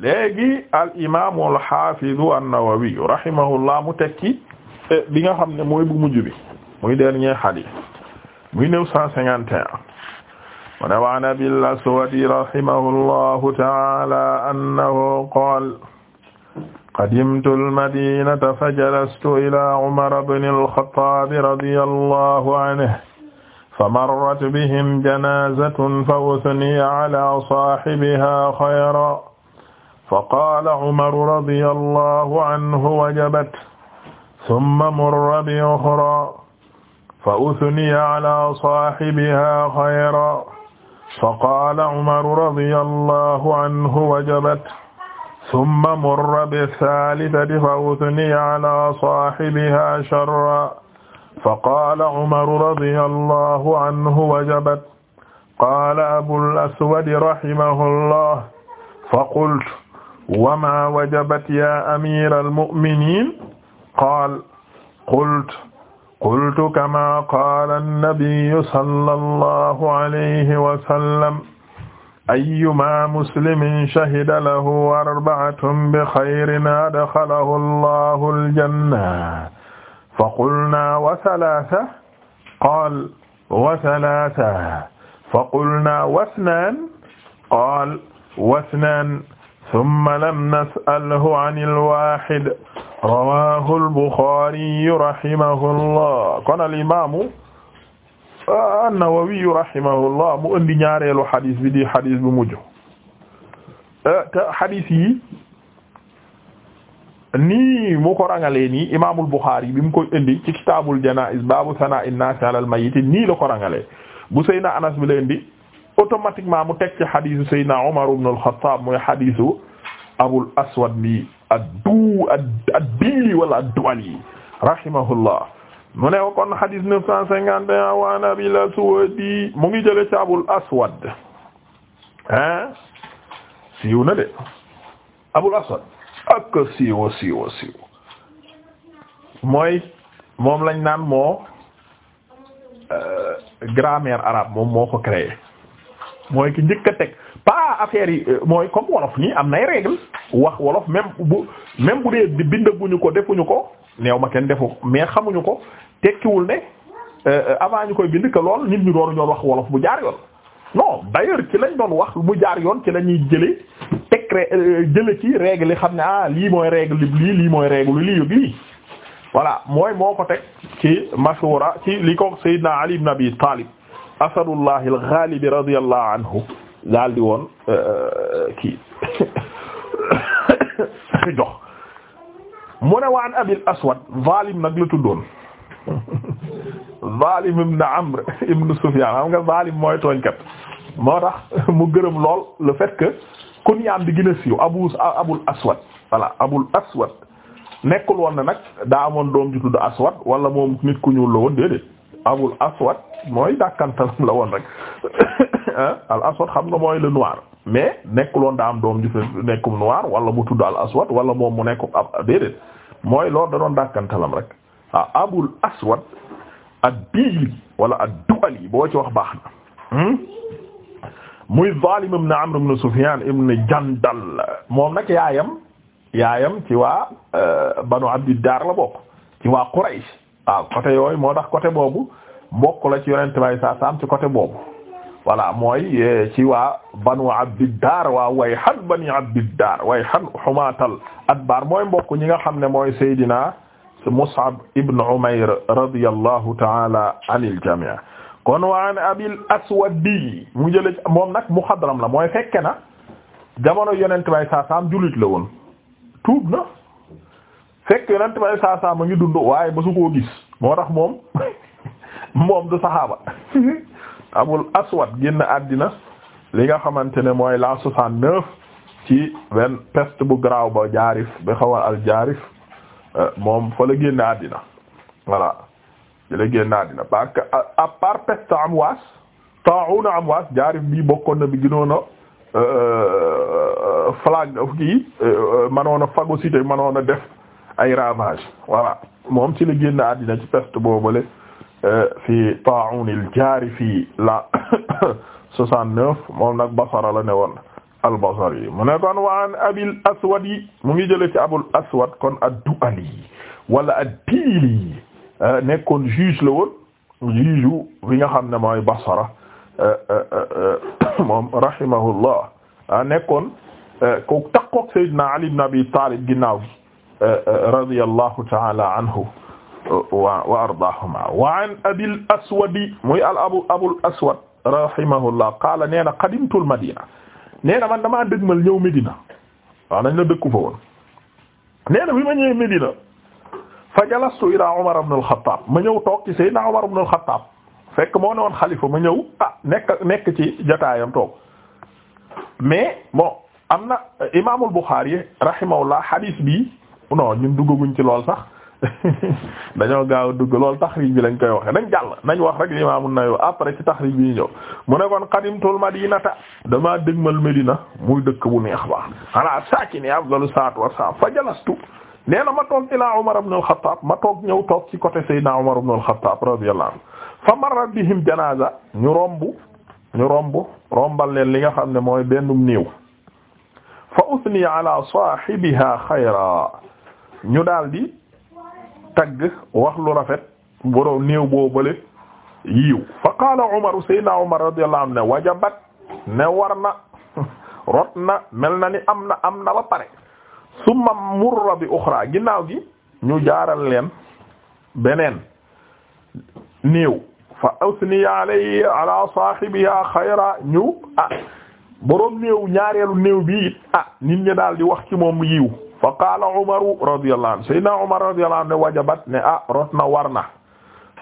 léegi al imaamu al xaafidu an-Nawawi rahimahullah mu tekki eh, bi nga xam ne mooy bu mujj bi muy dernier xadiis muy neuf cent cinquante et un mu ne wa an Abil Aswad rahimahullahu ta'ala annahu qaala qadimtu al-madiinata fajalastu ilaa Umar ibn al-Khattaab radiyallahu anhu famarrat bihim janaazatun fa uthniya alaa saahibihaa xayran faqaala umaru radiyallahu anhu wajabat summa murra bi uxraa fa usniya alaa saahibihaa xayran faqaala umaru radiyallahu anhu wajabat summa murra bi saalisati fa usniya alaa saahibihaa sharran faqaala umaru radiyallahu anhu wajabat qaala abul aswadi rahimahullah faqultu wama wajabat ya amira almuminin qaal qult qultu kama qaala annabiyu sala allahu alayhi wasallam ayuma muslimin shahida lahu arbaatun bixayrin adxalahu allahu aljanna faqulna wa salaasa qaal wa salaasa faqulna wasnaan qaal wasnaan summa lam nasalhu an ilwahid rawahu albuxariyu rahimahullah kon alimamu annawawiyu rahimahullah mu indi ñaareelu xadis bi di xadis bu mujj eh, te xadis yi nii mu ko rangalee nii imaamul Buxaari bi mu koy indi ci kitaabul janaa'iz baabu sanaa'i nnaasi alal mayyit nii la ko rangalee bu Seydina Anas bi la indi automatiquement mu teg ci xadisu Seydina Umar ibn al-Khattab mooy xadisu Aswad mi addu addi wala adduwali rahimahullah mu ne kon xadis neuf cent cinquante et un wa Abil mu ngi jële ci Abul Aswad ah siiw na de Abul Aswad ak siiw siiw siiw mooy moom lañ naan moo euh, grammaire arabe moom moo ko créé mooy ki njëkk a teg pas affaire yi euh, mooy comme wolof nii am nay règle wax wolof même bu même bu dee bindaguñu ko defuñu ko neew ma kenn defu mais xamuñu ko tekkiwul ne euh, euh, avant ñu koy bind que lool nit ñu doon ñoo wax wolof bu jaar yoon. non d'ailleurs ci lañ doon wax mu jaar yoon ci la ñuy jëlee teg jële ci règle yi xam ne ah lii mooy règle lii lii mooy règle lii yëg lii. voilà mooy moo ko teg ci masuura ci li ko Seydina Ali ibn Abi Talib asadullahi alxaalibi radiyallahu anhu daal woon euh, kii mu ne waan abil aswad zalim nag la tuddoon zalim ibn amr ibn sufyan xam nga zalim mooy tooñkat moo tax mu gërëm lool le fait que kunyaam bi gën siiw abu abul aswad voilà abul aswad nekkul woon ne nag daa amoon doom ju tudd aswad wala moom nit ku ñuul la woon déedéet abul aswad mooy dàkkantalam la woon rek al aswad xam nga mooy le noir mais nekkuloon woon daa am doom ju nekkum noir wala mu tudd al aswad wala moom mu nekkum ab déedéet mooy loolu da doon dàkkantalam rek ah abul aswad ad-dili wala ad-du'ali boo ci wax baax na hmm? muy Zalim ibn Amr ibn Sufyan ibn Jandal moom nag yaayam yaayam ci waa euh, banu Abdiddar la bokk ci waa Quraysh waaw côté yooyu moo tax côté boobu mbokk la ci yonent bay saa saam ci côté boobu voilà mooy eh, ci waa banu abdiddar waa way xan bani abdiddar way xan xumaatal adbar mooy mbokk ñi nga xam ne mooy Seydina Mus'ab ibn Umayr radiyallahu ta'ala anil jami' kon wa an abil aswadi mu jële moom nag muxadram la mooy fekke na jamono yonent bay saa saam jullit tuub na fekk yonent bi saa saa ngi dund waaye mësu koo gis moo tax moom moom du saxaaba abul aswad génn àddina li nga xamante ne mooy la soixante-neuf ci benn peste bu garaaw ba jaarif ba xawal al jaarif euh, moom fa la génn àddina voilà ci la génn àddina parce que à part peste amwaas ta'una amwaas jaarif bi bokkoon na bi gënoon a euh, euh, flag kii manoon a phagocyté manoon a def ay ravage voilà moom ci la génn àddina ci peste boobale euh, fi ta'un al-Jaari fi la moom nag Basra la ne woon al-Basri mu ne kon wa an Abil Aswad yi mu ngi jële ci Abul Aswad kon duali wala ad-Diili euh, nekkoon juge la woon juge bi nga xam ne mooy Basra euh, moom rahimahullah ah, nekkoon ku takkook Sayyidina Ali ibn Abi Talib ginnaaw radiyallahu ta'ala anhu wa ardaahuma wa an abil aswadi muy al abu abul aswad rahimahullah qaala nee na qadimtul madina nee na man damaa dëgmal ñëw Medina waaw nañ la dëkku fa woon nee na bi ma ñëwee Medina fa jalastu ila Umar ibn al-Khattab ma ñëw toog ci Seydina Umar ibn al-Khattab fekk moo ne woon xalifa ma ñëw ah nekk nekk ci jotaayam toog mais bon am na imaamul Bukhari rahimahullah hadith bi non ñun duggaguñ ci lool sax dañoo gaaw a dugg lool taxrij bi lañ koy waxe nañ jàll nañ wax rek Imaam An-Nawawi après ci taxrij bi ñëw mu ne kon qadimtul madinata damaa dëgmal Medina muy dëkk bu neex ba ala saakini afdalu salaatu wassalaam fa jalastu nee na ma toog ilaa Umar ibn al-Khattab ma toog ñëw toog ci côté Seydina Umar ibn al-Khattab radiyallahu anhu fa marra bihim janaza ñu romb ñu rombal leen li nga xam ne mooy bennum néew fa usniya ñu daldi di tagg wax rafet borom néew boo bële yiiw fa qaala Umar sayyidina Umar radiyallahu anhu ne wajabat ne war na rot mel na ni am na am na ba pare summa murra bi uxra ginnaaw gi ñu jaaral leen beneen néew fa asniya alayhi ala saahibiha xayra ñu ah borom néew ñaareelu néew bi it ah nit ñi daal di wax ci moom yiw fa qaala umaru radiyallahu anhu sayyidina umar radiyallahu anhu ne wajabat ne ah rot na war na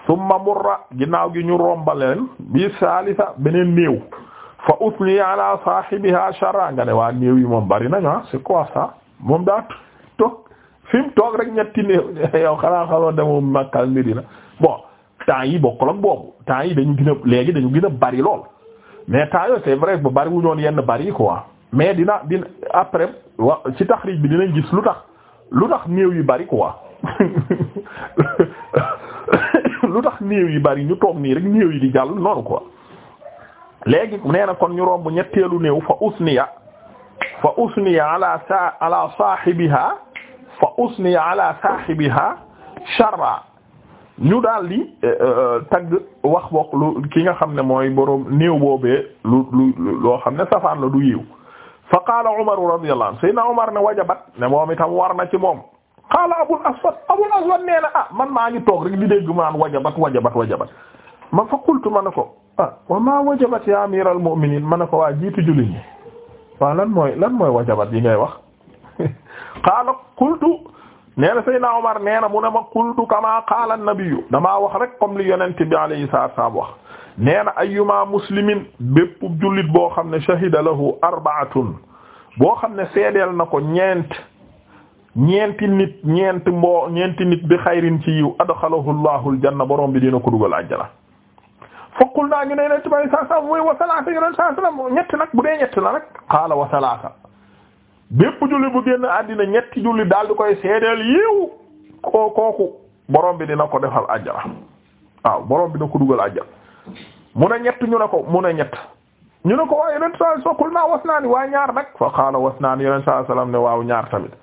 summa murra gi ñu rombaleen bi salisa beneen néew fa usni ala sahibiha sharra nga ne waa néew yi moom bari na ah c'est quoi ça moom daa toog fi mu toog rek ñetti néew yow xanaa xaloo demu makkal Medina bon temps yi bokkul ak boobu temps yi dañu gën a léegi bari lool mais temps yooyu c'est vrai ba bari wu ñoon yenn bari quoi mais dina dina après wa ci taxrij bi dinañ gis lu tax lu tax néew yu bari quoi lu tax néew yi bari ñu toog nii rek néew yi di jàll noonu quoi léegi nee kon ñu romb ñetteelu néew fa usniya fa usniya ala sa ala sahibiha fa usniya ala sahibiha sharra ñu daal di eh, eh, tagg wax bokk lu ki nga xam ne mooy boroom néew boobee lu lu loo xam ne safaan la du yiw fa qaala Umar radiyallahu anhu Seydina Umar ne wajabat ne moom itam war na ci moom qaala Abul Aswad Abul Aswad nee na ah, man maa ngi toog rek di dégg maan wajabat wajabat wajabat ma fa qultu ma ne ko ah wa maa wajabat ya amiral mu'minin ma ne ko waa jiitu jullit ñi lan mooy lan mooy wajabat yi ngay wax qaala qultu nee na Seydina Umar nee na mu ne ma qultu kama qaala an-nabiyyu damaa wax rek comme li yonent bi alayhi salaatu wa wax nee na ayyuma muslimin bépp jullit boo xam ne shahida lahu arbaatun boo xam ne seedeel na ko ñeent ñeenti nit ñeent mboo ñeenti nit bi xayrin ci yiw adxalahu llahu aljanna borom bi dina ko dugal àjjana fokkul naa ñu bu dee ñett la nag qaala wa salaasa bépp julli bu génn àddina ñetti julli daal di koy seedeel yiw koo kooku borom bi dina ko defal àjjana waaw borom bi dina ko dugal àjjana mu ne ñett ñu ne ko mu ne ñu ne ko waaw yonent saa soxul naa was naa ni waa ñaar fa qaala was naa ni yonent saa salaam ne waaw ñaar tamit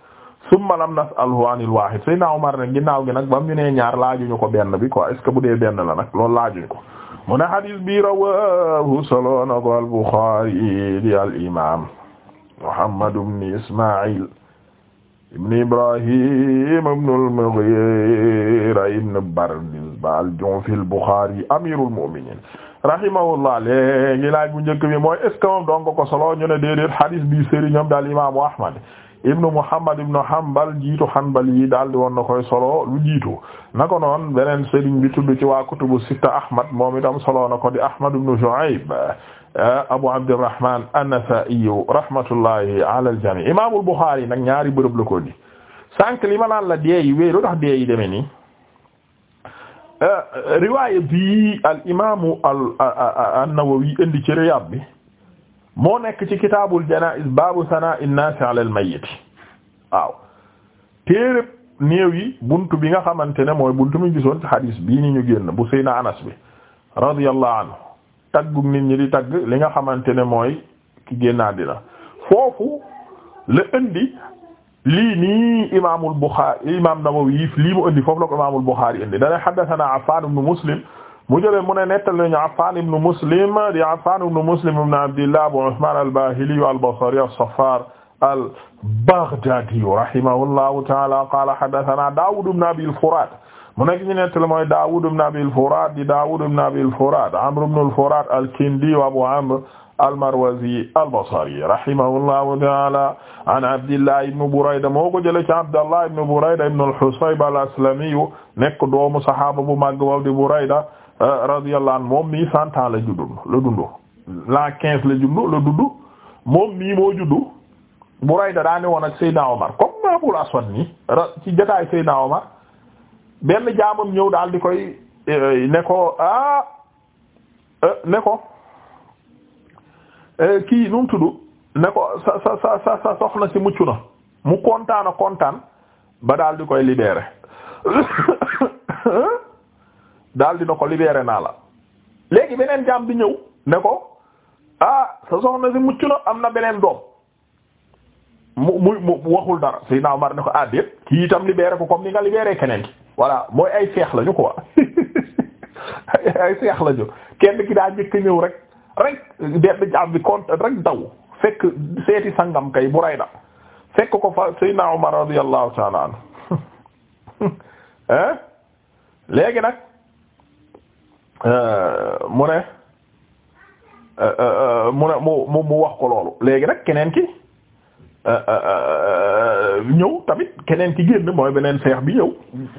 summa lam nas'alhu anil waahid Seydina Umar ne ginnaaw gi nag bam ñu nee ñaar laajuñu ko benn bi quoi est ce que bu dee benn la loolu laajuñu ko mu ne hadis bi rawaahu solo na ko al Bukhari di al imaam Muhammad ibn Ismaa'il ibn Ibrahim ibn al-Mughira ibn Bardizbah al-Ju'fi al-Bukhari amirul mu'minin rahimahullah léegi laaj bu njëkk bi mooy est ce que moom doon ko solo ñu ne déedéet hadith bi sëriñam daal imaamu Ahmad ibnu Muhammad ibnu Hanbal jiitu Hanbal yi daal di woon na koy solo lu jiitu naka noonu beneen sëriñ bi tudd ci waa kutubu sitta Ahmad moom itam solo na ko di Ahmad ibnu Shu'ayb Abu Abdirrahman an-Nasa'i rahmatullahi ala al-jami' imaamul Bukhari nag ñaari bërëb la ko di sànq li ma naan la dee yi lu tax dee yi demee Euh, riwaaya bi al imaamu al an-Nawawi indi ci Riyaad bi moo nekk ci kitaabul janaa'iz baabu sanaa'i an-naas al-mayyit waaw téereb néew yi bunt bi nga xamante ne mooy bunt mi gisoon ci xadiis bii ni ñu génn bu Seydina Anas bi radiyallahu anhu taggum nit ñi di tagg li nga xamante ne mooy ki génn àddina foofu la indi lii nii imaamul Buxaari imaam Nawawi lii mu indi foofu la ko imaamul Buxaari indi dana haddathana Affaan ibn Muslim mu jëlee mu ne nettali nañu Affaan ibn Muslim di Affaan ibn Muslim ibn Abdillah Abu Usmaan al-Baahili al-Basri as-Saffaar al-Baghdaadi rahimahullahu ta'aala qaala haddathana Daawuud ibn Abil Furaat mu nekk ñu nettali mooy Daawuud ibn Abil Furaat di Daawuud ibn Abil Furaat Amr ibn al-Furaat al-Kindi wa Abu Amr al-Marwazi al-Basri rahimahullahu ta'ala an Abdillah ibn Burayda moo ko jëlee Abdallah ibn Burayda ibn al-Husayb al-Aslami nekk doomu saxaaba bu mag waw Burayda eh, radiyallahu anhu moom mii cent la juddu la dundu la quinze la dundu moom mii moo juddu Burayda daa ne woon ak Seydina Omar Abul Aswad nii ci jotaay Seydina Omar benn jaamam ñëw daal di koy eh, ne ko ah eh, Eh, kii nu mu tudd ne ko sa sa sa sa soxna si mucc na mu kontaan a kontaan ba daal di koy libeere daal di na ko libéré naa la léegi beneen jaam bi ñëw ne ko ah sa soxna si mucc na am na beneen doom mu mu mu waxul dara si naaw mar ne ko ah déet kii itam libéré ko comme ni nga libéré keneen ki voilà mooy ay seex lañu quoi ay seex lañu kenn ki daa njëkk ñëw rek. rek benn jaam bi compte rek daw fekk seeti sangam kay Burayda fekk ko fa Seydina Umar radiyallahu ta'ala anhu hein léegi nag euh, euh, euh, mu ne mu ne mu mu wax ko loolu léegi nag keneen ki ñëw tamit keneen ki génn mooy beneen seex bi ñëw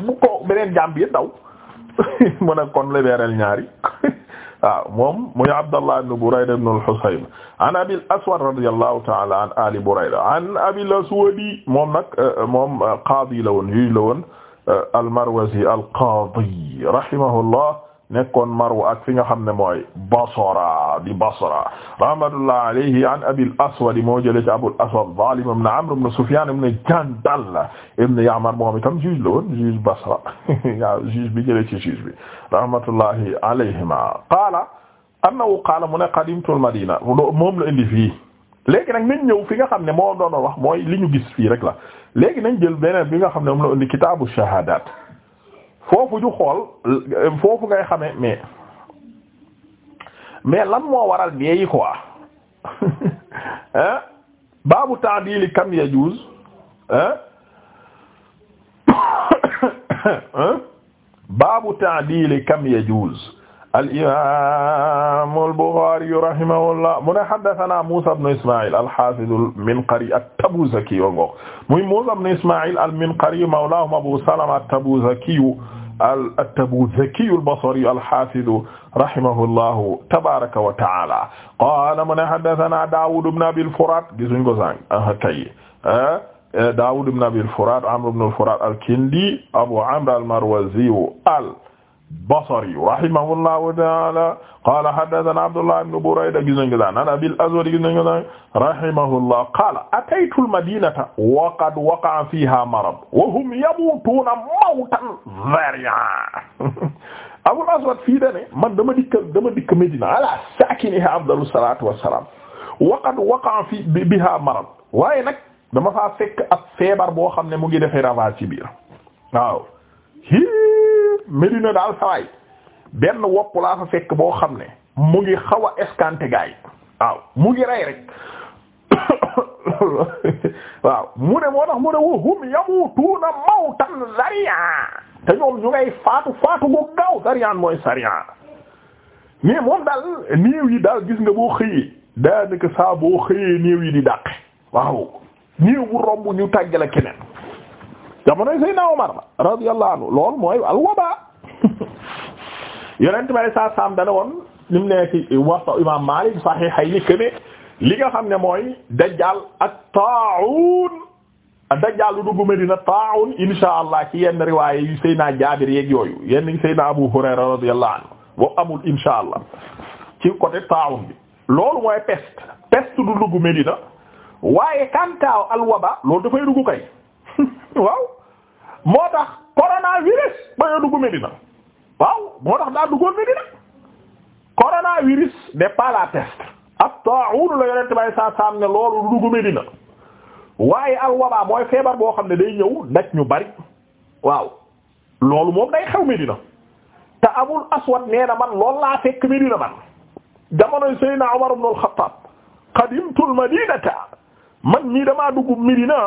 bu ko beneen jaam bi daw mu ne kon lebeereel ñaari waaw ah, moom muy Abdallah ibn Burayda ibn al-Husayn an Abil Aswad radiyallahu ta'ala an Ali Burayda an Abil Aswad moom nag eh, eh, moom eh, qaadi la woon yuy la woon al-Marwazi al-qaadi rahimahullah nekkoon Marw ak fi nga xam ne mooy Basra di Basra rahmatullah alayhi an Abil Aswad moo jëlee ci Abul Aswad Zalim ibn Amr ibn Sufyan ibn Jandal ibn Ya'mar moom i tam la woon juge Basra waaw juge bi jëlee ci juge bi rahmatullahi alayhima qaala annahu qaala mu ne qadimtu al-Madina moom la indi fii léegi nag nañ ñëw fi nga xam ne moo doon wax mooy li ñu gis fii rek la léegi nañ jël beneen bi nga xam ne moom la indi foofu ju xool foofu ngay xamee mais mais lan moo waral dee yi quoi ah baabu ta'dil kam yajuz ah baabu ta'dil kam yajuz al-imaam al-Buxaari rahimahullah mu ne haddasanaa Muusaa ibn Ismaa'iil al-Haafiz al-Minqari at-Tabuuzaki muy Muusaa ibn Ismaa'iil al-Minqari mawlaahum Abuu Salama at-Tabuuzaki at-Tabuuzaki al-Basri al-Haafiz rahimahullahu tabaaraka wa ta'aalaa qaala mu ne haddasanaa Daawuud ibn Abil Furaat gisuñ ko sànq ah kay ah, Daawuud ibn Abil Furaat Amr ibn al-Furaat al-Kindi Abuu Amr al-Marwazi al Basri rahimahullahu ta'ala qaala haddathana Abdullah ibn Burayda gis nañ ko daan an Abil Aswad gis nañ ko daan rahimahullah qaala ataytu al-madinata wa qad waqa'a fiha marad wa hum yamutuna mawtan dhari'an Abul Aswad fii da ne man dama dikk dama dikk Medina ala saakiniha afdalu salaatu wa salaam wa qad waqa'a fi biha marad waaye nag dama faa fekk ab feebar boo xam ne mu ngi defee ravage ci biir waaw. Medina daal sawaay benn wopp laa fa fekk boo xam ne mu ngi xaw a escanté gaay waaw mu ngi rey rek waaw mu ne moo tax mu ne wa hum yamutuuna mawtan zari'an te ñoom ñu ngay faatu faatu bu gaaw zari'an mooy sari'an mais moom daal néew yi daal gis nga boo xëyee daanaka saa boo xëyee néew yi di dàq waaw néew bu romb ñu tàggale keneen jamonoy Seydina Omar la radiyallahu anhu loolu mooy alwaba yonent bay saa saam dana woon ni mu ci waxtu imaam Maalik Sahihayni këne li nga xam ne mooy dajjaal ak taa'uun dajjaal lu dugg Medina taa'uun inshaa Allah ci yenn riwaaya yu Seydina Jaabir yeeg yooyu yenn Seydina Abu Hurayra radiyallahu anhu boobu amul inshaa Allah ci côté taa'uun bi loolu mooy peste peste du dugg Medina waaye kantaaw alwaba loolu dafay dugg kay waaw moo tax coronavirus ba dugg Medina waaw moo tax daa duggoon Medina coronavirus n'est pas la peste ab ta'un la yonent bay saa ne loolu dugg Medina waaye al wabaa mooy feebar boo xam ne day ñëw daj ñu bari waaw loolu moom day xew Medina te Abul Aswad nee na man loolu laa fekk Medina man jamonoy Seydina Umar ibn al-Khattab qadimtu al man ñii damaa dugg Medina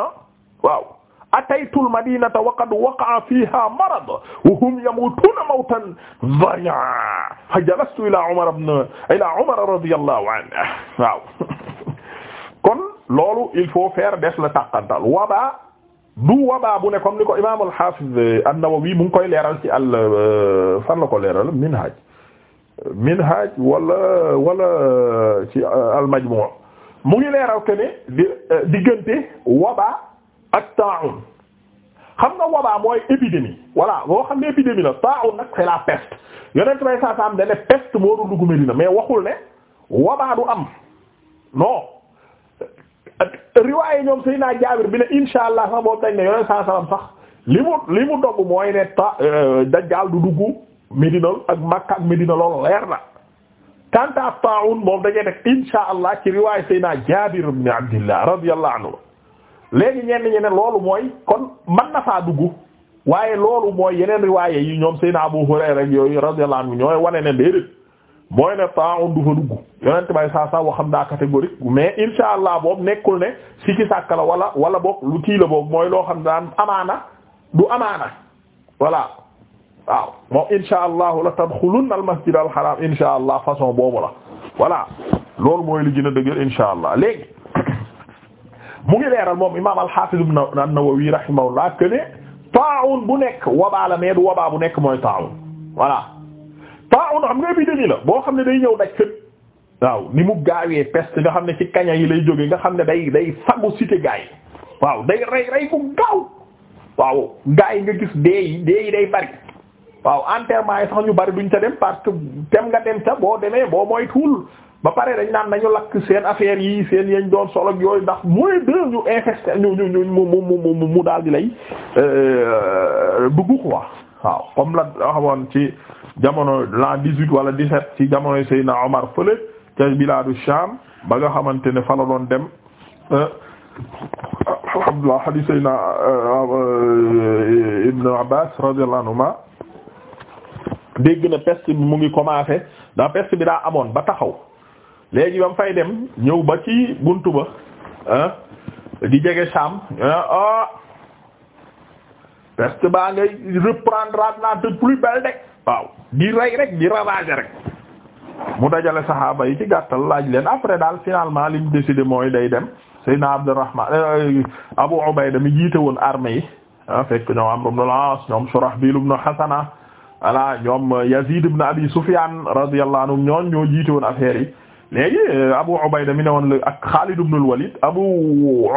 waaw ataytul madinata wa qad waqa'a fiha marad wa hum yamutuna mawtan dhayya fa jalastu ila umar ibn ila umar radiyallahu anhu waaw kon loolu il faut faire des la tàqantal waba du waba bu ne comme ni ko imam al-hafiz an-nawawi mu ngi koy leeral ci al euh, fan la ko leeral minhaj minhaj wala wala ci euh, al-majmu' mu ngi leeral ke ne euh, diggante waba ak taa'un xam nga wabaa mooy épidémie voilà boo xam ne épidémie la taa'un nag c'est la peste yonent bay saa saam dane peste moo doon dugg Medina mais waxul ne wabaa du am non riwaaye ñoom Seydina Jaabir bi ne insha sax boobu dañ ne yonent saa saam sax li mu li mooy ne ta euh, dajjaal du dugg Medina ak Makka ak Medina leer na kanta taa'un moom dañee nag insha allah ci riwaaye Seydina Jaabir ibn Abdillah radiyallahu anhu léegi ñenn ñi ne loolu mooy kon man na faa dugg waaye loolu mooy yeneen riwaaye yi ñoom Seydina Abu Hurayra rek yooyu la anhu ñooy wane ne déedéet mooy ne taa'un du fa dugg yonent bay saa saa waxam daa catégorique mais insha allah boobu nekkul ne si ki sàkk la wala wala boog lu kii la mooy loo xam daan amaana du amaana voilà waaw moom insha allah la tadxulunna al masjid al haram insha allah façon boobu la voilà loolu mooy li gën a dëgër allah léegi mu ngi leeral moom imaam al-Hafiz ibn an-Nawawi rahimahullah que ne taa'un bu nekk wabaa la du wabaa bu nekk mooy taa'un voilà taa'un xam nga épidémie boo xam ne day ñëw daj waaw ni mu gaawee peste nga xam ne ci kaña yi lay jóge nga xam ne day day phagocyté gaa yi waaw day rey rey ku gaaw waaw gaa yi nga gis dee yi dee yi day bari waaw enterrement yi sax ñu bari duñ ca dem parce que dem nga dem ca boo demee boo mooy tuul ba pare dañ naan nañu lakk seen affaire yi seen yañ doon solo yooyu ndax mooy de ñu infesté ñu ñu ñu mu mu mu mu daal di lay euh, dugg quoi waaw comme la xamoon ci jamono l'an dix-huit wala dix-sept ci jamonoy Seydina Omar fële ca biladu Sham ba nga xamante ne fa la doon dem euh, alhamdulillah hadith Seydina euh, Ibn Abbas radiyallahu dégg na peste bi mu ngi commencé ndax peste bi daa amoon ba taxaw léegi ba mu fay dem ñëw ba ci bunt ba ah di jege Saam ah parce que baa ngay reprendre at naa de plus belle rek waaw di rey rek di ravager rek mu dajale saxaaba yi ci gàttal laaj leen après daal finalement li mu décidé mooy day dem Seydina Abdurrahman euh, Abu Ubayda mi jiite woon armée yi fekk ñoom Amr ibn al-As ñoom Shurahbil ibn Hasana voilà ñoom Yazid ibn Abi Sufyan radiyallahu anhum ñoon ñoo jiite woon affaire yi léegi euh, Abu Ubayda mi ne woon la ak Xaalid ibn al-Walid Abu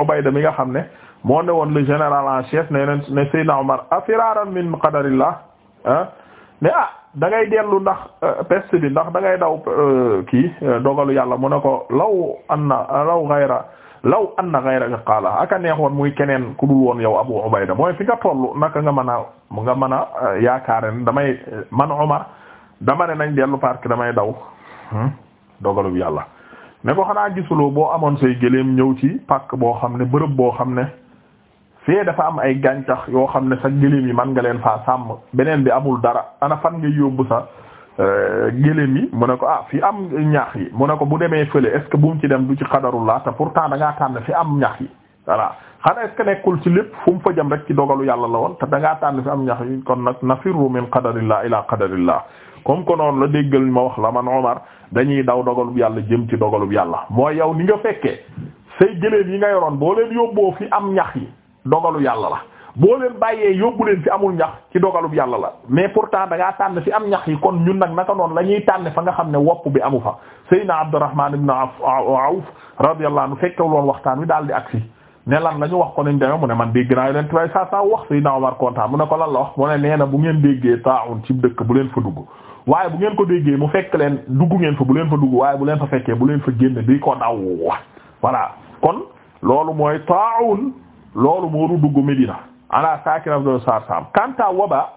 Ubayda mi nga xam ne moo ne woon le général en chef ne leen ne Seydina Omar afiraaran min qadarillah ah ne ah da dellu ndax euh, peste bi ndax dangay ngay daw euh, kii dogalu yàlla mu ne ko law anna law ghayra law anna ghayraka qaala aka neexoon muy keneen ku woon yow Abu Ubayda mooy fi nga toll naka nga mën a nga mën a yaakaar ne damay man Omar dama ne nañ dellu parce damay daw. Hmm? dogalub yàlla ne ko xanaa gisuloo boo amoon say gëléem ñëw ci pàkk boo xam ne bërëb boo xam ne fee dafa am ay gàncax yoo xam ne sa gëléem yi man nga leen faa sàmm beneen bi amul dara ana fan nga yóbbu sa euh, gëléem yi mu ne ko ah fi am ñax yi mu ne ko bu demee fële est bu mu ci dem du ci xadarullah te pourtant da ngaa tànn fi am ñax yi voilà xanaa est nekkul ci lépp fu mu fa jëm rek ci dogalu yàlla la woon te da ngaa tànn fi am ñax yi kon nag nafiru min qadarillah ila qadarillah comme noonu la déggal ma wax la man Omar dañuy daw dogalub yàlla jëm ci dogalub yàlla mooy yow ni nga fekkee say gëléem yi nga yoroon boo leen yóbboo fi am ñax yi dogalu yàlla la boo leen bàyyee yóbbu leen fi amul ñax ci dogalub yàlla la mais pourtant da ngaa tànn fi am ñax yi kon ñun nag naka noonu la ñuy tànn fa nga xam ne wopp bi amu fa Seydina Abdurrahman ibn Awf radiyallahu anhu fekkewuloon waxtaan wi daal di agsi ne lan la ñu wax ko nañ demee mu ne man dégg naa leen tubaab saa saa wax Seydina Omar kontaan ko la wax mu nee na bu ngeen déggee taa'un ci dëkk bu leen fa dugg waaye bu ngeen ko déggee mu fekk leen dugg ngeen fa bu leen fa dugg waaye bu leen fa fekkee bu leen fa génne di ko daw voilà kon loolu mooy taawun loolu moo du dugg Medina ala saakina do sar sam kanta waba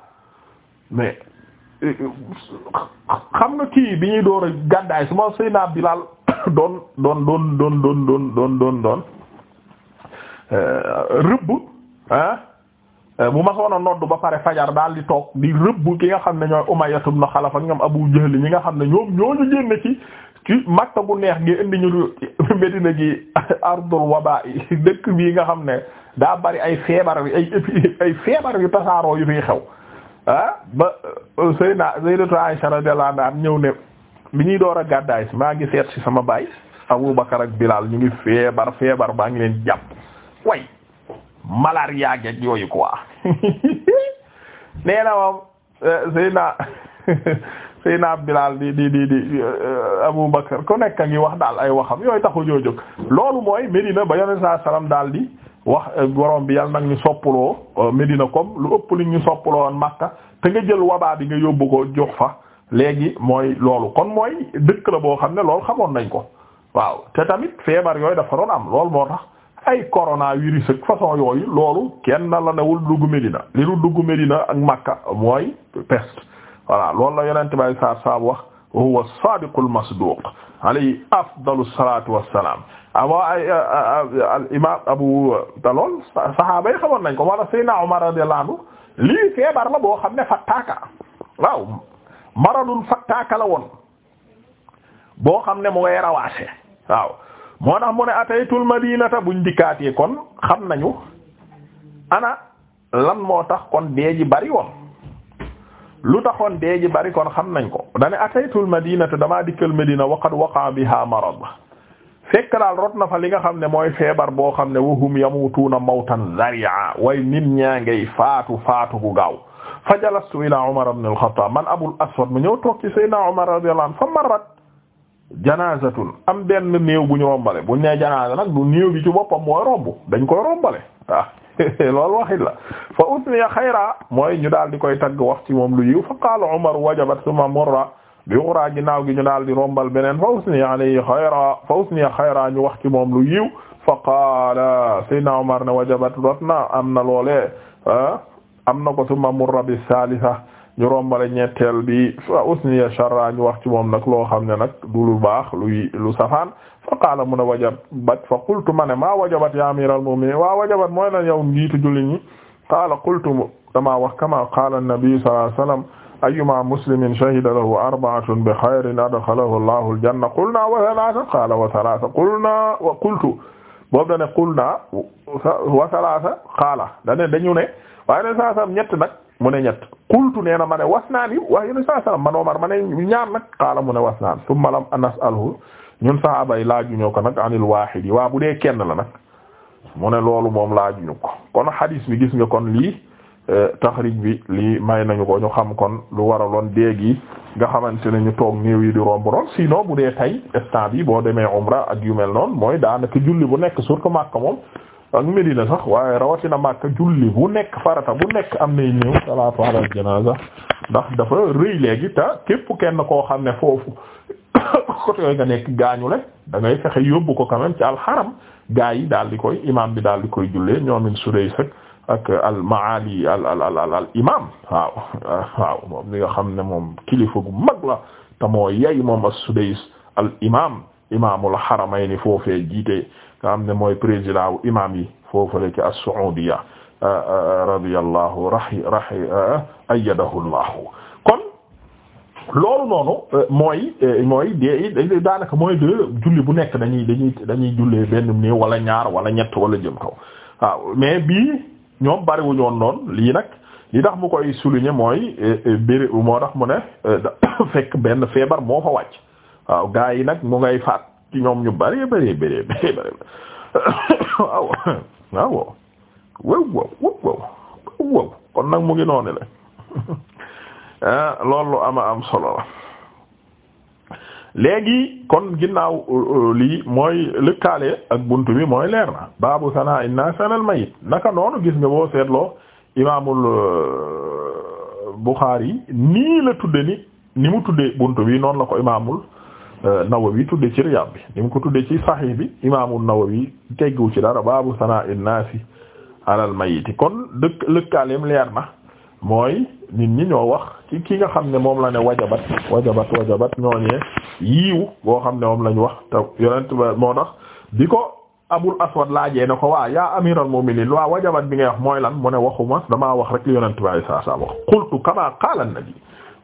mais eh, xam nga kii bi ñuy door a gàddaay su ma Seydina Bilaal doon doon doon doon doon doon eh, rëbb ah, Euh, bu ma soona nodd ba pare fajar daal di toog di rëbb ki nga xam ne ñooy Umayyatu ibn Xalaf ak ñoom Abu Jahl ñi nga xam ne ñoom ñooñu génn ci ci Makka neex gi indi ñu Medina gi ardul waba yi dëkk bii nga xam ne daa bari ay feebar ay feebar yu tasaaroo yu fiy xew ah ba euh, Seyna Sayyidatu Aisha radiyallahu ñëw ne bi ñuy door a gàddaay maa ngi seet ci sama baay Abu Bakar ak bilaal ñu ngi feebar feebar baa ngi leen jàpp way malaria geeg yooyu ko quoi nee na moom eh, Seyna bi Bilal di di di di eh, Abu Bakar ku nekk a ngi wax daal ay waxam yooyu taxul ñoo jóg loolu mooy Medina ba yoneen saa salaam daal di wax eh, borom bi yàlla nag ñu soppaloo Medina comme lu ëpp li ñu soppaloo woon Makka te nga jël wabaa bi nga yóbbu ko jox fa léegi mooy loolu kon mooy dëkk la boo xam ne loolu xamoon nañ ko waaw te tamit feebar yooyu dafa doon am loolu moo tax. ay coronavirus ak façon loolu kenn la newul dugg Medina li dugg Medina ak Makka mooy peste voilà loolu la yonent bay saar saab wax wa huwa sadiqul masduq alayhi afdalu salatu wassalam awa ay abu te lool sahaaba nañ ko wala sayna Umar radiyallahu anhu lii feebar la boo xam ne fattaaka waaw maradul fattaaka la boo xam ne mu rawaase waaw moo nax mu ne ataytul madinata buñ dikkaatee kon xam nañu ana lan moo tax kon dee ji bari woon lu taxoon dee ji bari kon xam nañ ko dane ataytul madinata damaa dikkal madina waqad waqa biha marad fekk daal rot na fa li nga xam ne mooy feebar boo xam ne wahum yamutuuna mawtan zaria way nit ñaa ngay faatu faatu gu gaaw fa jalastu ila umar ibn al man abul aswad mu ñëw toog ci sayyidina umar radiyallahu anhu fa janaazatun am benn néew bu ñu rombale bu ñu nee janaaza nag du néew bi ci boppam mooy romb dañ koy rombale ah, lool loolu waxit la fa utniya xayra mooy ñu daal di koy tagg wax ci moom lu yiw fa qaala Umar wajabat summa murra bi uxra ginaaw gi ñu daal di rombal beneen fa usniya alayhi xayra ñu wax ci moom lu yiw fa qaala Seydina Umar ne wajabat rot na am na loolee ah, am na ko summa murra bi salisa ñu rombale ñetteel bi fa usniya sharra ñu wax ci moom nag loo xam ne nag du lu baax luy lu safaan fa qaala mun a wajabat fa qultu ma ne maa wajabat ya amiral mu'minin waa wajabat mooy lan yow njiitu julli ñi qaala qultu dama wax kama qaala an-nabi sallallahu alayhi wasallam ayyuma muslimin shahida lahu arba'atun bi khayrin adkhalahu allahu al-janna qulna wa thalatha qaala wa thalatha qulna wa qultu boobu dane qulna wa thalatha qaala dane dañu ne waaye ne saa sam ñett nag mu ne ñett qultu nee na ma ne wasnaani waaye yéen saa salaam man Omar ma ne ñaar nag qaala mu ne wasnaan summa lam anas'alhu ñun laaj yu laajuñoo ko nag anil waahidi waa bu dee kenn la nag mu ne loolu moom laajuñu ko kon hadis bi gis nga kon lii eh, taxrij bi lii may nañu ko ñu xam kon lu waraloon déeg yi nga xamante ne ñu toog néew yi di romb romb sinon bu dee tay instant bi boo demee umra ak yu mel noonu mooy daanaka julli bu nekk surtout Makka moom. ak Medina sax waaye rawatina Makka julli bu nekk farata bu nekk am nay néew salaatu ala janaza ndax dafa rëy léegi te képp kenn koo xam ne foofu côté yooyu nga nekk gaañu le da fexe yóbbu ko quand ci alxaram gaa yi daal di koy imam bi daal di koy jullee ñoomin Sudais ak ak al maali al al al al imam waaw waaw nga xam ne moom kilifa gu mag la te moo yey moom as Sudais al imam imamul xaramayni foofee jiite nga am ne mooy président wu imam yi foofale ci as-Saoudia euh, euh, radiyallahu rahi rahi euh, ayyadahu llahu kon loolu noonu mooy mooy de daanaka mooy de julli bu nekk dañuy dañuy dañuy jullee benn néew wala ñaar wala ñett wala jëm kaw waaw mais bii ñoom bariwuñu woon lii nag li tax mu koy souligner mooy biri moo tax mu ne fekk benn feebar moo fa wàcc waaw gaa yi nag mu ngay faat ci ñoom ñu bëree bëree bëree bëree bëri waaw waaw wow wow wow wow kon nag mu ngi noonu la ah loolu ama am solo la léegi kon ginnaaw euh, euh, lii mooy lëkkaale ak bunt bi mooy leer na baabu sanaa innaas alal mayit naka noonu gis nga boo seetloo imaamul euh, Buxaari nii la tudde ni ni mu tudde bunt bi noonu la ko imaamul bi euh, tudde ci Riyaad bi ni mu ko tudde ci Sahih bi imaamu Nawawi teggu ci dara baabu sanaa'i naasi alal mayiti kon dëkk lëkkaaleem leer na mooy nit ñi ñoo wax ci ki nga xam ne moom la ne wajabat wajabat wajabat ñooñee yiiw boo xam ne moom lañ wax te yonent ba moo tax bi ko Abul Aswad laajee ne ko waa yaa amiral mu'minin waa wajabat bi ngay wax mooy lan mu ne waxuma damaa wax rek yonent ba ay wax qultu kama qaala an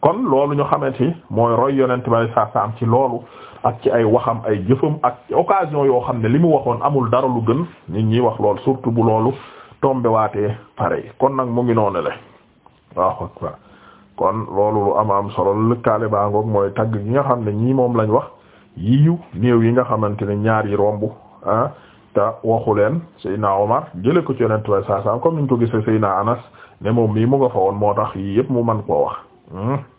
kon loolu ñu xamante ni mooy roy yonent ba saa am ci loolu ak ci ay waxam ay jëfam ak occasion yoo xam ne li mu waxoon amul dara lu gën nit ñi wax lool surtout bu loolu tombe waatee pare kon nag mu ngi noonu le waaw kon loolu lu am am solo lëkkaale baa ngoog mooy tagg gi nga xam ne ñii moom lañ wax yiiw néew yi nga xamante ne ñaar yi romb ah te waxu leen Seydina Omar jële ko ci yonent ba saa saa comme niñ ko gisee Seydina Anas ne moom mii mu nga fa woon moo tax yii yëpp mu man koo wax hmm.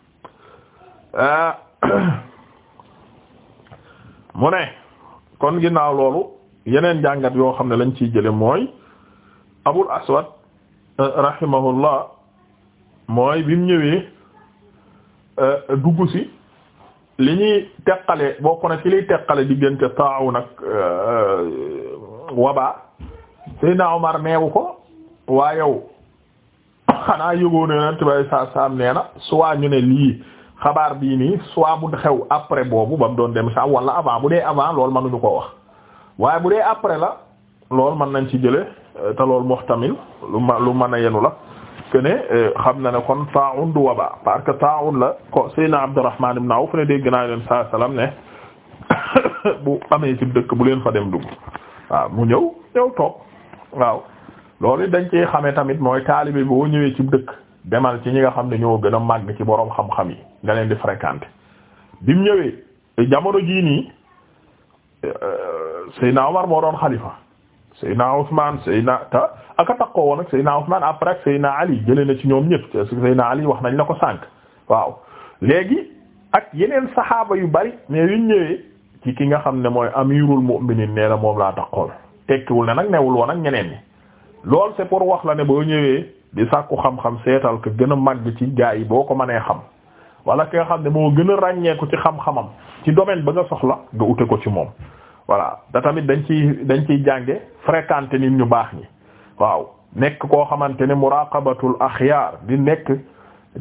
Ah, mu ne kon ginnaaw loolu yeneen jàngat yoo xam ne lañ ciy jële mooy abul aswad eh, rahimahullah mooy bi mu ñëwee eh, dugg si li ñuy teqale bokk na ci liy teqale diggante taawun ak eh, waba Seydina Omar neewu ko waa yow xanaa yëgoon yonent bay saa saam nee na suwaa ñu ne lii xabaar bii nii soit mu xew après boobu ba doon dem saam wala avant bu dee avant loolu mënuñu ko wax waaye bu dee après la lool mën nañ ci jële euh, te loolu muhtamil lu ma lu man a yenu la que ne euh, xam na ne kon taa'un du waba parce que taa'un la ko Seydina Abdurrahman ibn Awf ne dégg naa leen saa salaam ne bu amee ci dëkk bu leen fa dem dugg waaw mu ñëw ñëw toog waaw loolu dañ cee xamee tamit mooy taalibe boo ñëwee ci dëkk demal ci ñi nga xam ne ñoo gën a màgg ci boroom xam-xam yi nga leen di fréquenter bi mu ñëwee jamono jii nii euh, Seydina Omar moo doon xalifa Seydina Ousmane Seydina ta aka takkoo woon ak Seydina Ousmane après Seydina Ali jëlee na ci ñoom ñëpp Seydina Ali wax nañ la ko sànq waaw léegi ak yeneen saxaaba yu bari mais yuñ ñëwee ci ki nga xam ne mooy amirul mu'minin nee na moom laa takkool tekkiwul ne nag newul woon ak ñeneen ñi lool c'est pour wax la ne boo ñëwee. di sàkku xam-xam seetal ko gën a màgg ci gaa yi boo ko mënee xam wala ki nga xam ne moo gën a ràññeeku ci xam-xamam ci domaine ba nga soxla nga ute ko ci moom voilà da tamit dañ ciy dañ ciy jànge fréquenter nit ñu baax ñi waaw nekk koo xamante ne muraqabatul axyaar di nekk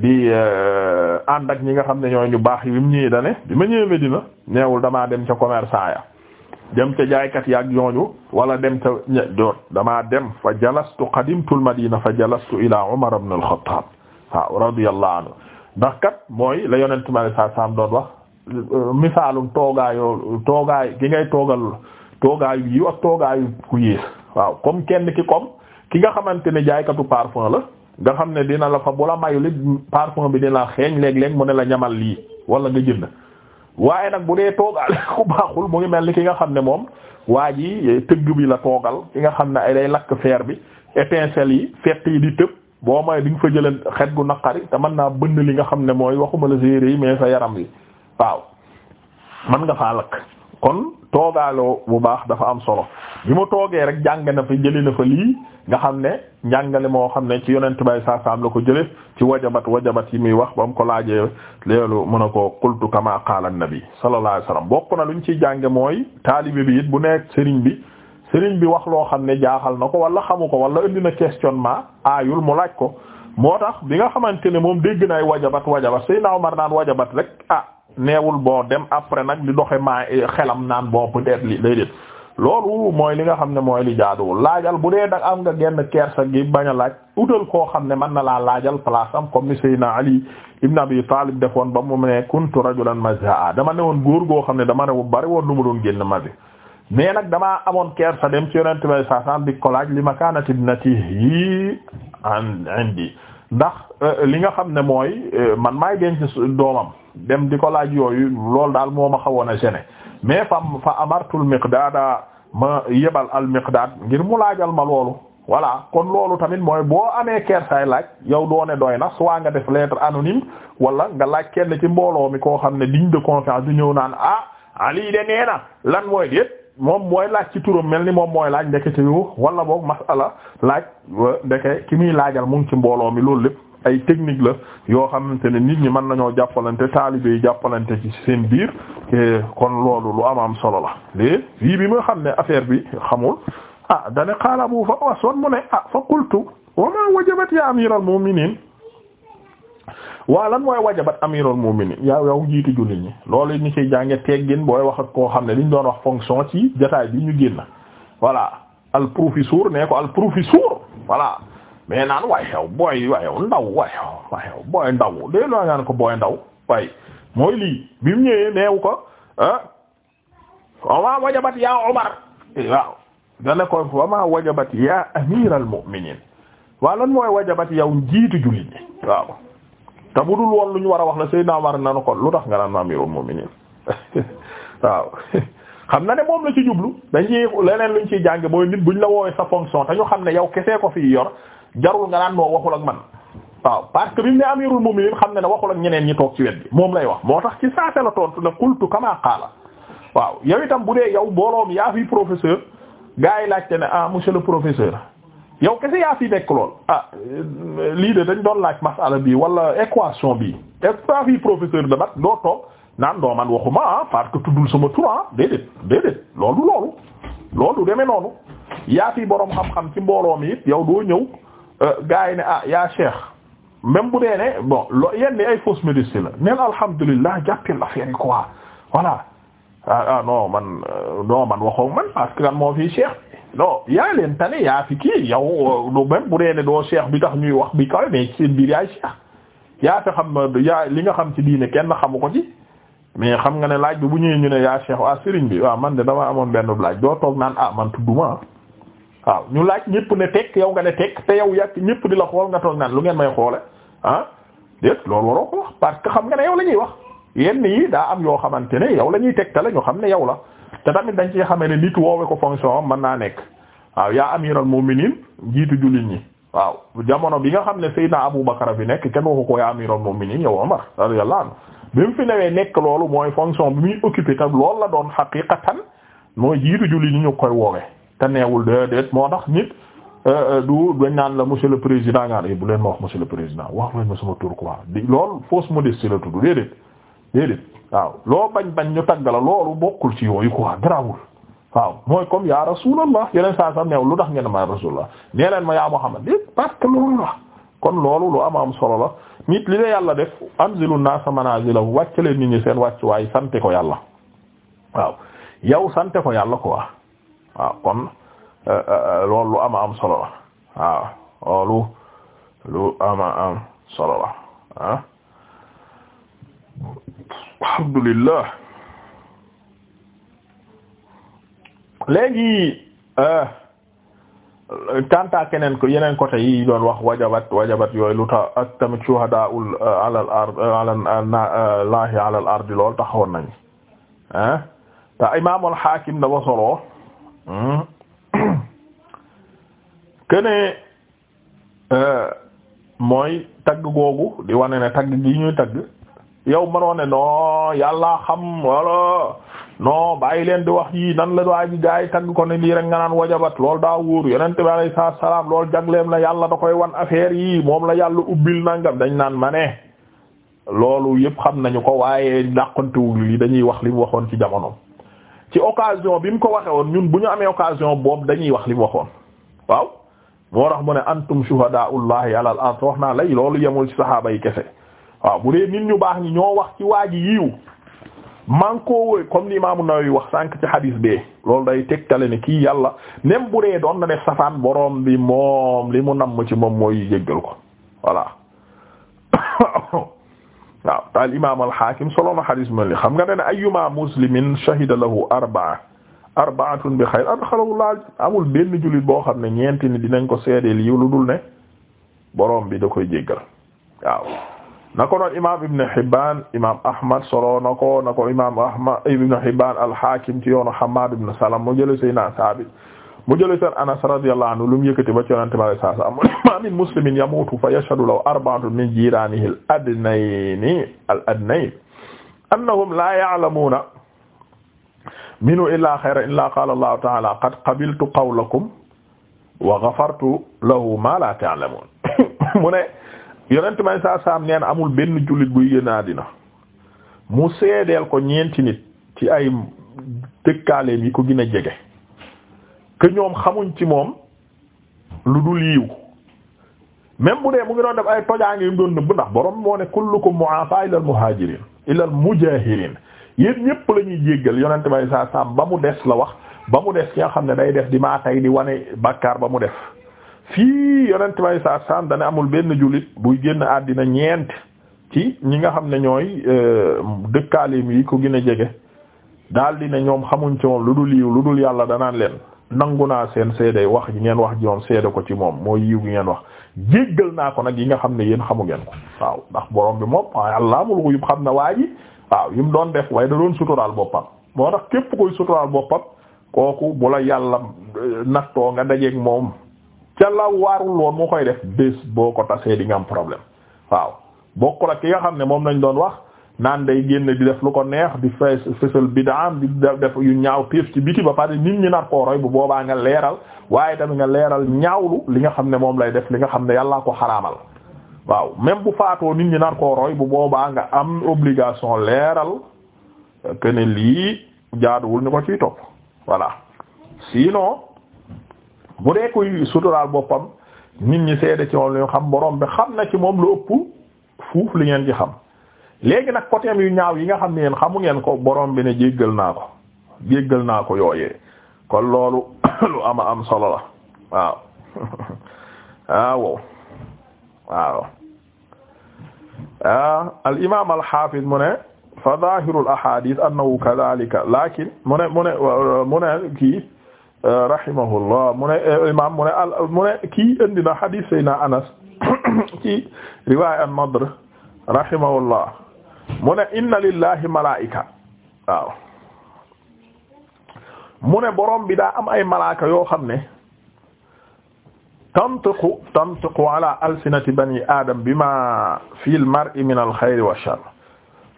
di euh, ànd ak ñi nga xam ne ñooy ñu baax yi bi mu ñëwee da ne bi ma ñëwee Medina neewul damaa dem ca commerçant ya dem ca jaaykat ak ñooñu wala dem ca doon damaa dem fa jalastu qadimtu al-Madina fa jalastu ila Umar ibn al waaw radiyallahu anhu ndax kat mooy la yonent ma sa saam doon wax misaalum toogaayoo toogaay ki ngay toogal toogaayu yiw ak toogaayu ku yées waaw comme kenn ki comme ki nga xamante ne jaaykatu parfum la nga xam ne dina la fa bu la mayu li parfum bi dina la xeeñ léeg-léeg mu ne la ñamal lii wala nga jënd waaye nag bu dee toogaal ku baaxul mu ngi mel ni ki nga xam ne moom waa ji tëgg bi la toogal ki nga xam ne ay day lakk feer bi étincelles yi fett yi di tëb boo may di nga fa jëlee xet gu naqari te mën naa bënn li nga xam ne mooy waxuma la séeréer yi mais sa yaram wi waaw mën nga faa lakk kon toogaaloo bu baax dafa am solo bi mu toogee rek jàng na fa jëlee na fa lii nga xam ne njàngale moo xam ne ci yonent bay saasaam la ko jële ci wajabat wajabat yi muy wax ba ko laajee leelu mën a ko qultu kama qaala nabi sallallahu alayhi wasallam bokk na lu ñu ciy jànge mooy taalibe bi it bu nekk sëriñ bi sëriñ bi wax loo xam ne jaaxal na ko wala xamu ko wala indi na questionnement aayul mu laaj ko moo tax bi nga xamante ne moom dégg nay wajabat wajabat Seydina Omar naan wajabat rek ah neewul boo dem après nag di doxe maa eh, xelam naan boo peut-être li déedéet loolu mooy li nga xam ne mooy li jaaduwul laajal bu dee nag am nga genn kersa gi bañ a laaj utal koo xam ne mën na laa laajal place am comme ni Seydina Ali ibn Abi Talib defoon ba mu ne kuntu rajulan mazaa dama ne woon góor goo xam ne dama ne bari woon lu mu doon génn masi mais nag damaa amoon kersa dem ci yonent bay saasan di ko laaj li ma makanat ibnatihi an indi ndax euh, li nga xam ne mooy euh, man maay denc doomam dem di ko laaj yooyu loolu daal moo ma xawoon a gêné mais fa fa amartul miqdaada ma yebal al miqdaad ngir mu laajal ma loolu voilà kon loolu tamit mooy boo amee kersaay laaj yow doone doy na soit nga def lettre anonyme wala nga laaj kenn ci mbooloo mi koo xam ne digne de confiance du ñëw naan ah Ali de nee lan mooy déet moom mooy laaj ci turam mel ni moom mooy laaj ndekete yu wala boog masala laaj ndeke ki muy laajal mu ci mbooloo mi loolu lépp ay technique la yoo xamante ne nit ñi mën nañoo jàppalante taalibe yi jàppalante ci seen biir kon loolu lu am am solo la léegi fii bi nga xam ne affaire bi xamul ah dane xaala bu fa aswan mu ne ah fa qultu wa ma wajabat ya amiral mu'minin waa lan mooy wajabat amirul mu'minin yow yow jiitu jullit ñi loolu ñu ciy jànge teggin booy wax ak koo xam ne liñ doon wax fonction ci jotaay bi ñu génn voilà al professeur nee ko al professeur voilà mais naan waaye yow booy waaye yow ndaw waaye yow booy ndaw dee loo naan ko booy ndaw waaye mooy lii bi mu ñëwee neewu ko ah wamaa wajabat yaa Umar waaw dana ko wamaa wajabat yaa amiral mu'minin waa lan mooy wajabat yow njiitu jullit ñi waaw te bu dul woon lu ñu war a wax la Seydina Omar na ko lu tax nga naan amirul mu'minin waaw xam na ne moom la ci jublu dañuy leneen luñ ciy jàng mooy nit ñu la woowee sa fonction te ñu xam ne yow kesee ko fi yor jarul nga naan moo waxul ak man waaw parce que bi mu ne amirul mu'minin xam ne ne waxul ak ñeneen ñi toog ci wet bi moom lay wax moo tax ci saate la tontu ne qultu kama qaala waaw yow itam bu dee yow booloom yaa fi professeur gars yi laajte ne ah monsieur le professeur yow kese yaa fi nekk lool ah euh, lii de dañ doon laaj masala bii wala équation bi est-ce fi professeur de maths doo toog naan doo man waxuma ah parce que tuddul sama tur ah déedéet déedéet loolu loolu loolu demee noonu yaa fi boroom xam-xam ci mbooloo mi it yow doo ñëw euh, gars yi ne ah yaa cheikh même bu dee ne bon loo yenn ay fausse modestie la neen alhamdulilah jàppil l'affaire yi quoi voilà ah ah non man euh, non man waxoo man parce que moo fi cheikh. non yaa leen tane yaa fi kii yow lu euh, même bu dee ne doo cheikh bi tax ñuy wax bi kawe mais ci seen biir yaay cheikh yaa fi xam li nga xam ci diine kenn xamu ko ci mais xam nga ne laaj bi bu ñuy ñu ne yaa cheikh waa sëriñ bi waaw man de dama amoon benn laaj doo toog naan ah man ma waaw ñu laaj ñëpp ne tek yow nga ne tekk te yow yàgg ñëpp di la xool nga toog naan lu ngeen may xoole ah déet loolu waroo ko parce que xam nga ne yow la ñuy wax yenn yi daa am yoo xamante ne yow la ñuy tegtale ñu xam ne yow la te tamit dañ ciy xamee ne nit woowe ko fonction man naa nekk waaw yaa amiral mu'minin jiitu jullit ñi waaw jamono bi nga xam ne naa Abu Bakar fi nekk kenn waxu ko yaa amiral mu'minin yow Omar radiyallahu anhu bi mu fi newee nekk loolu mooy fonction bi muy occupé tam loolu la doon xaqiqatan mooy jiitu jullit ñi ñu koy woowee te neewul déedéet moo tax nit euh, euh, du dañ naan la monsieur le président ngaan eh, bu leen ma wax monsieur le président wax leen ma sama tur quoi di loolu fausse modestie la tudd déedéet déedéet waaw loo bañ bañ ñu tagg la loolu bokkul ci yooyu quoi grawul waaw mooy comme ya rasulallah yeneen saa sax neew lu tax ngeen ma rasulallah nee ma yaa Muhammad dé parce que loolu kon loolu lu am am solo la nit li la yàlla def anzilu naasa manaazilahu wàcc leen nit ñi seen wàcc waaye sante ko yàlla waaw yow sante ko yàlla quoi waaw kon euh, euh, loolu lu ama am solo la waaw loolu lu ama am solo la alhamdulillah léegi euh, kanta keneen ko yeneen côté yi doon wax wajabat wajabat yooyu lu tax ak tamit shuhadaa'ul euh, alal ard euh, ala laahi alal ard lool taxawoon nañ ah te imaamul Haakim dafa solo hmm? kene mooy tagg googu di wane ne tagg gi ñuy tagg yow mënoo ne non yàlla xam wala non bàyyi leen di wax yii nan la waa ji gars yi tagg ko ne lii rek nga naan wajabat loolu daa wóoru yonent bi alayhi salaam loolu jagleem la yàlla da koy wan affaire yi moom la yàlla ubbil nangam dañ naan ma ne loolu yëpp xam nañu ko waaye dàqantewul lii dañuy wax li mu waxoon ci jamono ci occasion bi mu ko waxe woon ñun bu ñu amee occasion boobu dañuy wax li mu waxoon waaw moo tax mu ne antum shuhadaa'ullahi ala al-ard wax naa loolu yemul ci saxaaba yi waaw bu dee nit ñu baax ñi ñoo wax ci waa ji yiiw man koo wooy comme ni Imaamu Nawawi wax sànq ci hadis bee loolu day tegtale ne kii yàlla même bu dee doon na def safaan borom bi moom li mu namm ci moom mooy jéggal ko voilà waaw daal Imaam al solo na hadis mel ni xam nga ne ayyuma muslimin shahida lahu arba'a arba'atun bi xayr adxalahu amul benn julit boo xam ne ñeenti ni dinañ ko seedeel yiw lu dul ne boroom bi da koy jéggal waaw na ko noon imaam Ibn Hibbaan imaam Ahmad solo na ko na ko imaam Ahmad Ibn Hibbaan al-Haakim ci yoonu Hammaad ibn Salama mu jëlee Seydina Saabit mu jëlee seen Anas radiyallahu anhu lu mu yëkkati ba ci Yonent bi saa saa maa min muslimin yamuutu fa yashhadu lahu arba'atun min jiiraanihi al-adnayni al-adnayn annahum laa ya'lamuuna minhu illaa xayran illaa qaala Allahu ta'aalaa qad qabiltu qawlakum wa ghafartu lahu maa laa ta'lamuun mu ne yonent may saa saam neen amul benn jullit buy génn àddina mu seedeel ko ñeenti nit ci ay dëkkaaleem yi ko gin a jege que ñoom xamuñ ci moom lu dul yiw même bu dee mu ngi doon def ay tojaange yu mu doon nëbb ndax borom moo ne ko mu ila al muhajirin ila al mujahirin yéen ñépp la ñuy jéggal yonent may saa saam ba mu des la wax ba mu des ki xam ne day def di maa tay di wane bàkkaar ba mu def fii yonent bay saa saam dana amul benn jullit buy génn àddina ñeent ci ñi nga xam ne ñooy euh, dëkkaaleem yi ko gën a jege daldi ne ñoom xamuñ ci moom lu dul yiw lu dul yàlla danaan leen nangu naa seen seede wax yi ngeen wax ji moom seede ko ci moom mooy yiw gi ngeen wax jéggal naa ko nag yi nga xam ne yéen xamu ngeen ko waaw ndax borom bi moom waaye allaamul xuyub xam na waa ji waaw yi mu doon def waaye da doon suturaal boppam moo tax képp koy suturaal boppam kooku la yàlla euh, nga dajeeg moom ca la waarul woon moo koy def bés boo ko tasee di nga am problème waaw bokkul ak ki nga xam ne moom lañ doon wax naan day génn di def lu ko neex di fay fësal bidaam di def yu ñaaw téef ci biti ba pare nit ñi nar koo roy bu boobaa nga leeral waaye tamit nga leeral ñaawlu li nga xam ne moom lay def li nga xam ne yàllaa ko xaraamal waaw même bu faatoo nit ñi nar koo roy bu boobaa nga am obligation leeral que lii jaaduwul ñu ko ciy topp voilà sinon bu dee kuy suturaal boppam nit ñi seede ci moom li xam boroom bi xam na ci moom lu ëpp fuuf li ngeen ci xam léegi nag côté yu ñaaw yi nga xam ne yéen xamu ngeen ko borom bi ne jéggal naa ko jéggal naa ko yooyee kon loolu lu ama am solo la waaw ah, waaw waaw ah, al imaam al xaafid mu ne fa zaahirul ahadith annahu kadhalika lakin mu ne mu ne mu ne kii rahimahullah mu eh, imam mu kii indi na hadith sayna anas ci riwaaya an-Nadr rahimahullah mu ne inna lillahi malaa'ika waaw mu ne bi daa am ay malaaka yoo xam ne tantiqu tantiqu ala alsinati bani adam bima fi al-mar'i min al-khayri wash-sharr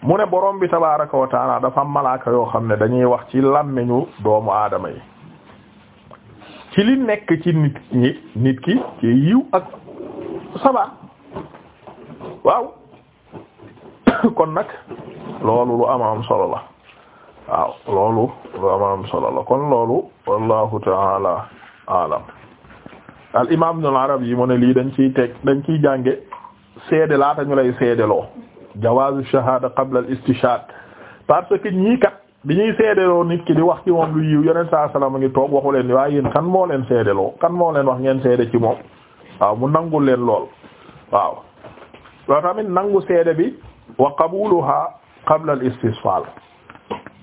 mu ne borom bi tabaaraka wa ta'aala malaaka yoo xam ne dañuy wax ci làmmiñu doomu aadama yi ci li nekk ci nit ki ci yiw ak sabaa waaw kon nag loolu lu ama am solo la waaw loolu lu ama am solo la kon loolu wallahu taala alam al imam ibn al yi mu ne lii dañ ciy teg dañ ciy jànge seede laata ñu lay seedeloo jawaazu shahada qabla al istishhad parce ñii kat bi ñuy seedeloo nit ki di wax ci moom lu yiw yeneen saa salaam a ngi toog waxu leen ni waaye yéen kan moo leen seedeloo kan moo leen wax ngeen seede ci moom waaw mu nangul leen lool waaw loolu tamit nangu seede bi wa qabuluha qabla al istisfal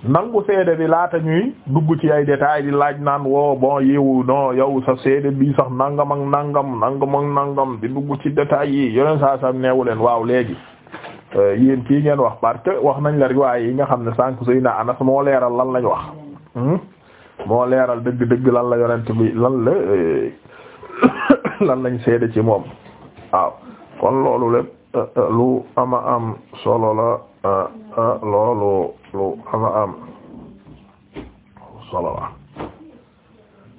nangu seede bi laata ñuy dugg ci ay détails di laaj naan woo bon yiw non yow sa seede bii sax nangam ak nangam nangam ak nangam di dugg ci détails yi yeneen saa salaam neewu leen waaw léegi Euh, yéen kii ngeen wax parce wax nañ la riwaay yi nga xam ne sànq na Anas moo leeral lan lañ wax hmm? moo leeral dëgg dëgg lan la yonent bi lan la lan lañ seede ci moom waaw kon loolu lépp euh, euh, lu ama am solo la loolu lu ama am solo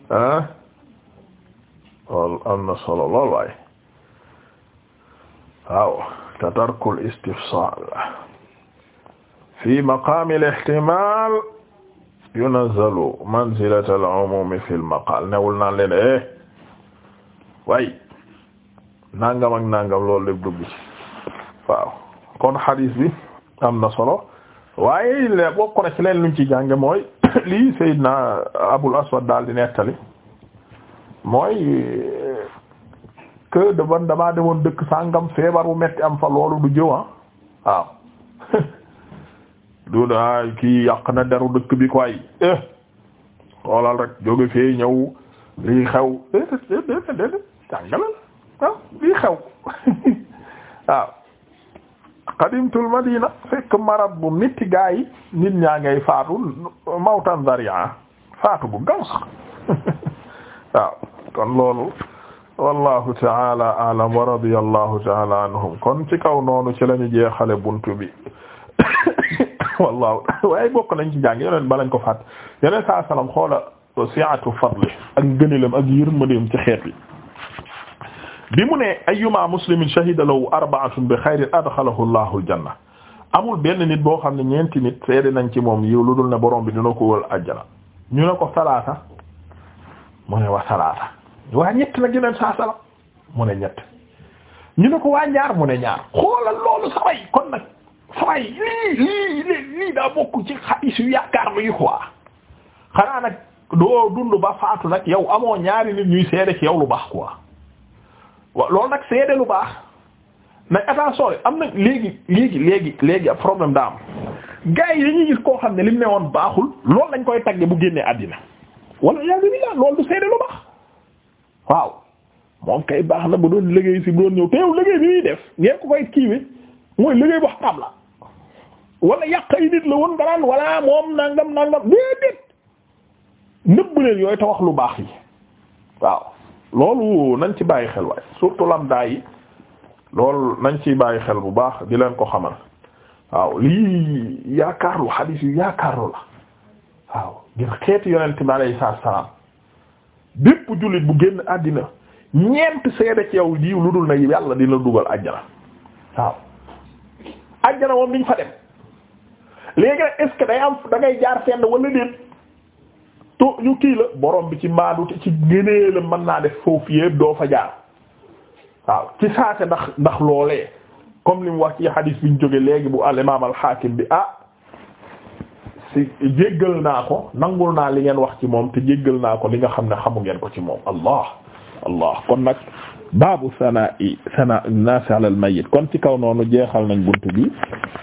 loolu am na solo lool waaw te tarkul istifsaal fi maqaamil ihtimaal yunazzalu manzilatal umuumi fil maqaal newul naan leen eh way nangam ak nangam loolu lépp dugg ci kon xadiis bi am na solo waaye léegi bokk na ci leen luñ ci mooy lii Seydina Abul Aswad daal di nettali mooy. que de demoon dëkk sàngam feebaru bu am fa loolu du jëwa ah. waaw du daa kii yàq na deru dëkk bi quoi eh xoolal rek jóge fee ñëw lii xew déedéet déedéet déedéet jàngalal ah, lii xew waaw qadimtul madina fekk marad bu metti gaa yi nit ñaa ngay faatu mawtan zaria faatu bu gaaw waaw kon loolu wallahu taala alam wa radiyallahu taala anhum kon ci kaw noonu ci lañu jeexale buntu bi wallahu waaye bokk nañ ci jàng yeneen ko fàtt yeneen saa salaam xoola si'atu fadli ak ngëneelam ak yërmandeem ci xeet bi bi mu ne ayyuma muslimin shahida lahu arba'atun bi xayrin adxalahu allahu aljanna amul benn nit boo xam ne ñeenti nit seede nañ ci moom yiw lu dul ne borom bi dina ko wël ajjana ñu ne ko salaata mu ne wa salaata waa ñett nag yeneen saa sala mu ne ñett ñu ne ko waa ñaar mu ne ñaar xoolal loolu saway kon nag saway lii lii lii daa bokk ci xadiis yu yaakaar luy quoi xanaa nag doo dund ba faatu nag yow amoo ñaari nit ñuy seede ci yow lu baax quoi waa lool nag seede lu baax nag attention am na léegi léegi léegi léegi ab problème daa am gars yi dañuy gis koo xam ne li ne woon baaxul lool lañ koy tagge bu génnee àddina wala yaa ngi loolu du seede lu baax. waaw moom kay baax na bu doon liggéey si bu doon ñëw teew liggéey bi ñuy def ngeen ko koy kiiwe mooy liggéey boo xam la wala yàq ay nit la woon nga naan wala moom nangam nangam déedéet nëbb leen yooyu te wax lu baax yi waaw loolu nañ ci bàyyi xel waaye surtout lambda yi loolu nañ ci bàyyi xel bu baax di leen ko xamal waaw lii yaakaar lu xadiis yu yaakaar lu la waaw ngir xeeti yonent bi alayhi salaam bépp jullit bu génn àddina ñeent seede ci yow jiw lu dul na yàlla dina dugal àjjana waaw àjjana moom diñ fa dem léegi nag est-ce day am da jaar fenn wala déet to ñu kii la borom bi ci maadu ci gënee la mën naa def foofu yépp doo fa jaar waaw ci saase ndax ndax loolee comme li mu wax ci hadis bi ñu jóge léegi bu al Hakim bi ah si jéggal naa ko nangul naa li ngeen wax ci moom te jéggal naa ko li nga xam ne xamu ngeen ko ci moom allah allah kon nag baabu sanaa'i sanaa'i an-naas 'ala kon ci kaw noonu jeexal nañ bunt bi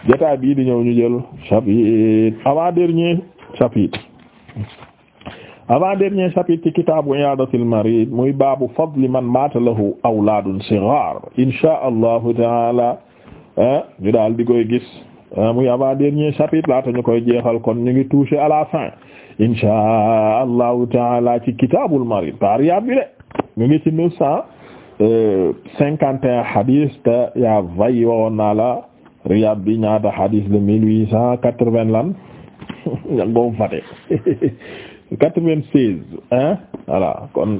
jotaay bii di ñëw ñu jël chapitre avant dernier chapitre avant dernier chapitre ci kitaabu iyaadatil marid muy baabu fadli man maata lahu awlaadun sighaar inshaa allahu taala eh, ñu daal di koy gis Euh, muy avant-dernier chapitre laata ñu koy jeexal kon ñu ngi touché à la fin insha allahu taala ci kitaabul marid par yaab bi de ñu ngi ci neuf cent euh, cinquante et un yaa vayi waxoon naa la riyaab bi ñaata hadis le mille huit cent quatre-vingt lan nga ngoom fate quatre-vingt-seize hein voilà kon